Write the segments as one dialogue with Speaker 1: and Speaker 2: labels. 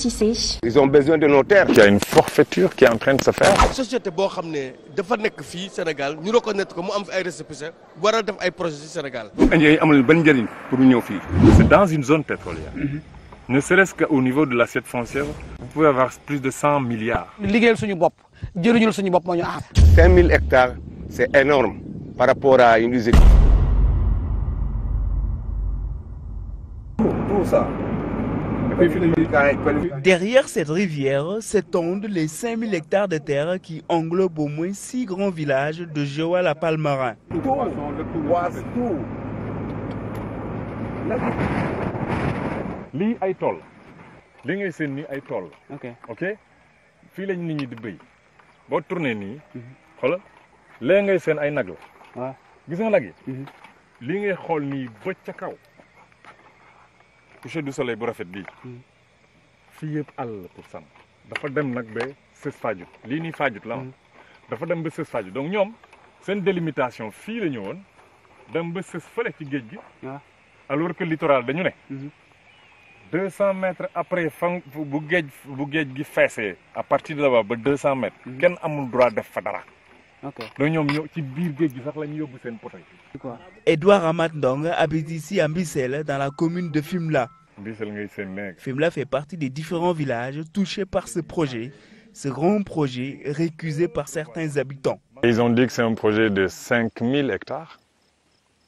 Speaker 1: Cissé. ils ont besoin de nos terres. en train de
Speaker 2: boo xam ne dafa nekk fii Sénégal ñu reconnaître ko mu am fi ay récépissé war a ay projets ci Sénégal.
Speaker 1: yooyu amul leen ban njëriñ pour ñu ñëw fii. c'est dans une zone pétrolière. Mhm. ne serait-ce qu'au niveau de l'assiette foncière. vous pouvez avoir plus de cent milliards.
Speaker 2: liggéeyal suñu bopp jëriñul suñu bopp moo ñu aar. cinq mille hectares c'est énorme par rapport à une usine.
Speaker 1: tout ça.
Speaker 3: Derrière cette rivière s'étendent les 5000 hectares de terre qui englobent au moins six grands villages de Joal à Palmarin.
Speaker 1: lii ay tool li ngay seen nii ay tool la. ok ok fii lañ nit ñi béy boo tourné nii. Mhm. xoola lee ngay seen ay nag la. gis nga nag yi. Mhm. lii ngay xool nii ba kaw. coucher du soleil bu rafet bii fii yëpp àll pour sàmm dafa dem nag ba sës fajut lii nuy fajut la dafa dem ba sës fajut donc ñoom seen délimitation fii la ñëwoon dem ba sës fële ci géej gi ah. alors que littoral dañu ne mhm. deux cent mètres après fan bu géej bu géej gi feese à parti de là ba deux cent mètres mhm. kenn amul droit def fa dara da ñoom ñoo ci biir géej gi sax la ñu yóbbu seen poto yi. Edouard Amat Ndong
Speaker 3: habite ici à Mbissel dans la commune de Fimela. Fimela fait partie des différents villages touchés par ce projet, ce grand projet récusé par certains habitants.
Speaker 1: Ils ont dit que c'est un projet de 5000 hectares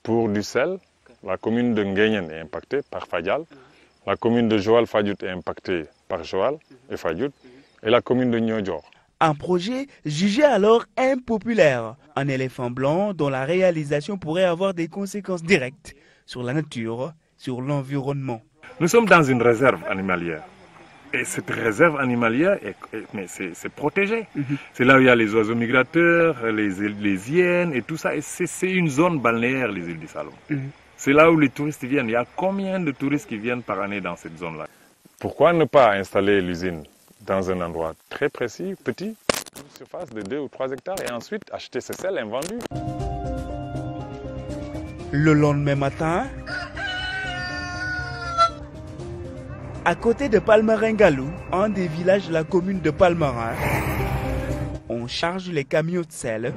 Speaker 1: pour du sel. La commune de Nguyen est impactée par Fadial. La commune de Joal Fadiout est impactée par Joal et mhm. Fadiout. Mhm. Et la commune de Niodior.
Speaker 3: Un projet jugé alors impopulaire. Un éléphant blanc dont la réalisation pourrait avoir des conséquences directes sur la nature, sur l'environnement.
Speaker 1: Nous sommes dans une réserve animalière. Et cette réserve animalière, est, mais c'est, protégé. Mmh. là où il y a les oiseaux migrateurs, les, hyènes et tout ça. Et c'est, une zone balnéaire, les îles du Salon. Mmh. C'est là où les touristes viennent. Il y a combien de touristes qui viennent par année dans cette zone-là Pourquoi dans un endroit très précis, petit, surface de 2 ou 3 hectares et ensuite acheter ses sels invendus.
Speaker 3: Le lendemain matin, à côté de Palmarin-Galou, un des villages de la commune de Palmarin, on charge les camions de sel.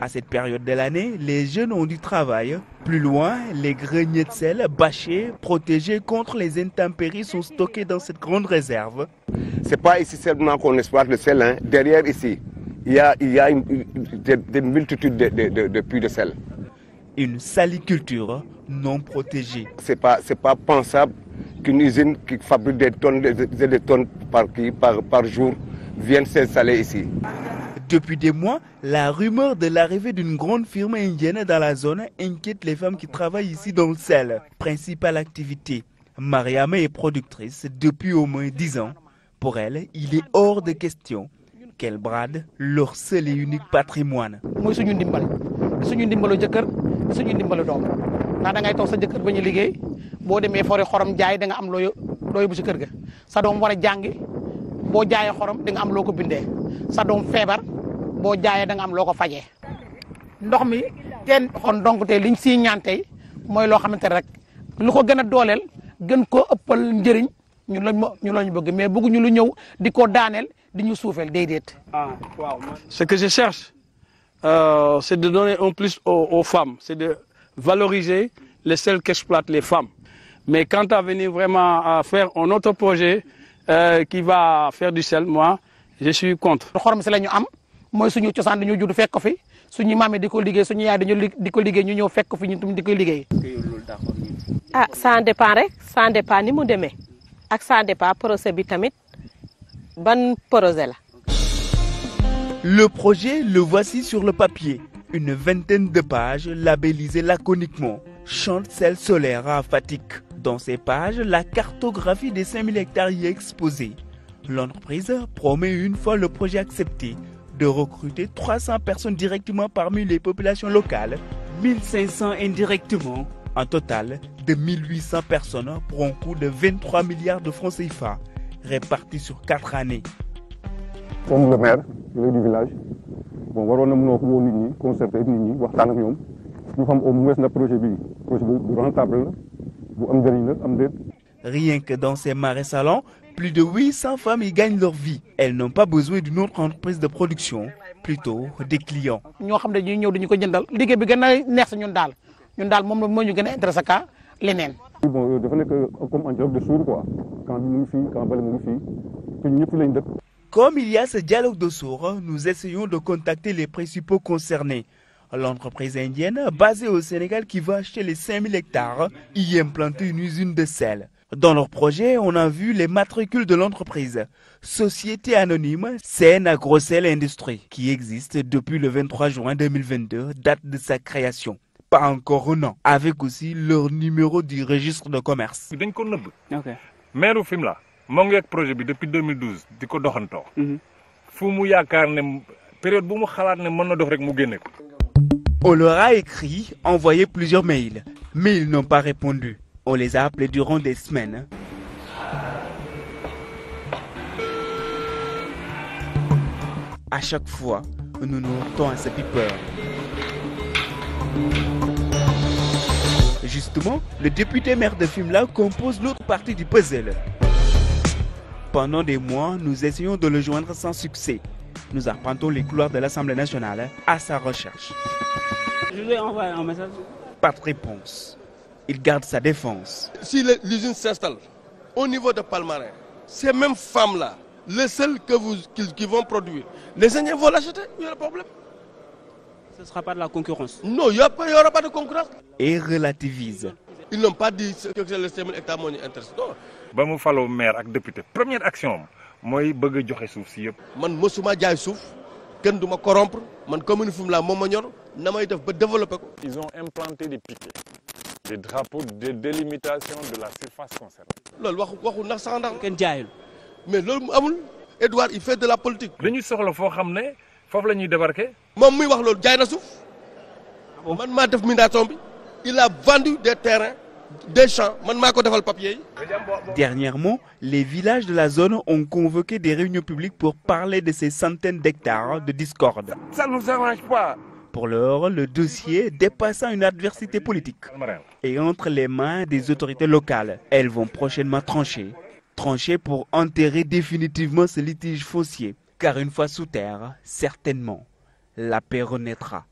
Speaker 3: À cette période de l'année, les jeunes ont du travail. Plus loin, les greniers de sel bâchés, protégés contre les intempéries, sont stockés dans cette grande réserve.
Speaker 2: Ce n'est pas ici seulement qu'on exploite le sel. Derrière ici, il y a, il y des, multitudes de, de, de, puits de sel. Une saliculture non protégée. Ce n'est pas, pas pensable qu'une usine qui fabrique des tonnes par, par, par jour vienne s'installer ici.
Speaker 3: Depuis des mois, la rumeur de l'arrivée d'une grande firme indienne dans la zone inquiète les femmes qui travaillent ici dans le sel, principale activité. Mariama est productrice depuis au moins 10 ans Pour elle, il est hors de question qu'elle brade leur seul et unique patrimoine.
Speaker 2: mooy suñu ndimbal suñu ndimbalu jëkkër suñu ndimbalu doom ndax da ngay toog sa jëkkër ba ñu liggéey boo demee fori xorom jaay danga am looy looy bu si kër ga sa doom war a jàngi boo jaayee xorom da am loo ko bindee sa doom feebar boo jaayee danga am loo ko fajee ndox mi teen xon donc tey liñ siy ñaan mooy loo xamante rek lu ko gën a dooleel gën koo ëppal njëriñ. ñu lañ ma ñu lañ bëgg mais ñu lu ñëw di ko daaneel di ñu suufeel déedéet. ah waaw ce que je cherche euh, c'est de donner un plus aux, aux femmes c'est de valoriser les celles qu'exploitent les femmes mais quant à venir vraiment à faire un autre projet euh, qui va faire du sel moi je suis contre. xorom si la ñu am mooy suñu cosaan dañoo judd fekk fi suñu maam yi di ko liggéey suñu yaay dañu di ko liggéey ñu ñëw fekk fi ñu tamit di ko liggéey. ah ça dépend rek ça dépend ni mu demee. ak ça dépend projet bi tamit ban projet la.
Speaker 3: Le projet, le voici sur le papier. Une vingtaine de pages labellisées laconiquement. Chancel solaire à Fatik. Dans ces pages, la cartographie des 5000 hectares y est exposée. L'entreprise promet, une fois le projet accepté, de recruter 300 personnes directement parmi les populations locales, 1500 indirectement Un total de 1800 personnes pour un coût de 23 milliards de francs CFA répartis sur 4 années.
Speaker 2: Comme le maire du village, bon waroon na mënoo ko woo nit et concerté nit ñi waxtaan ak ñoom ñu xam projet bi projet bu rentable la bu am njëriñ
Speaker 3: Rien que dans ces marais salants, plus de 800 femmes y gagnent leur vie. Elles n'ont pas besoin d'une autre entreprise de production, plutôt des clients.
Speaker 2: ñoo xam ne ñuy ñëw dañu ko jëndal liggéey bi gën a ñun daal moom la moo ñu gën a intéressé leneen. bon euh, dafa nekk comme un de sourds quoi quand mu ngi fii quand bële mu ngi fii te ñëpp lañ dëkk.
Speaker 3: Comme a ce dialogue de sourds, va acheter les 5000 y implanter une usine de sel. Dans leur projet, on a vu les matricules de l'entreprise. Société anonyme Sen Agrocel Industrie, qui existe depuis le 23 juin 2022, date de sa création. pas encore un an avec aussi leur
Speaker 1: numéro du registre de commerce. dañ ko nëbb. ok maire Fimela moo ngi ak projet bi depuis di ko doxanto mhm. fu mu yaakaar ne période bu mu xalaat ne mën na dox rek mu génne ko.
Speaker 3: On leur a écrit, envoyé plusieurs mails, mais ils n'ont pas répondu. On les a appelés durant des semaines. À chaque Justement, le député maire de Fimela compose l'autre partie du puzzle. Pendant des mois, nous essayons de le joindre sans succès. Nous arpentons les couloirs de l'Assemblée nationale à sa recherche.
Speaker 2: Je lui envoie un message.
Speaker 3: Pas de réponse. Il garde sa défense.
Speaker 2: Si l'usine s'installe au niveau de Palmarin, ces mêmes femmes-là, les seules que vous, qui, vont produire, les Indiens vont l'acheter. Il y a le problème. Ce ne sera pas de la concurrence. Non,
Speaker 3: il relativise.
Speaker 2: Ils n'ont pas dit que c'est ba mu faloo maire ak député première action mooy bëgg a joxe suuf si yëpp. man mosuma jaay suuf kenn du ma corrompre man commune Fimela laa moom ma ñor def ba développé ko. ils ont implanté des piquets des drapeaux
Speaker 1: de délimitation de la surface concernée.
Speaker 2: loolu waxu waxu ndax sax ndax. kenn jaayul. mais loolu amul Edouard il fait de la politique. dañu soxla foo xam ne. foofu la ñuy débarquer. moom muy wax loolu jaay na suuf ah man maa mination bi il a vendu des terrains des champs man maa ko defal papier yi.
Speaker 3: Dernièrement, les villages de la zone ont convoqué des réunions publiques pour parler de ces centaines d'hectares de discorde. Ça Pour l'heure, le dossier dépassant une adversité politique est entre les mains des autorités locales. Elles vont prochainement trancher, trancher pour enterrer définitivement ce litige foncier. car une fois sous terre, certainement, la paix renaîtra.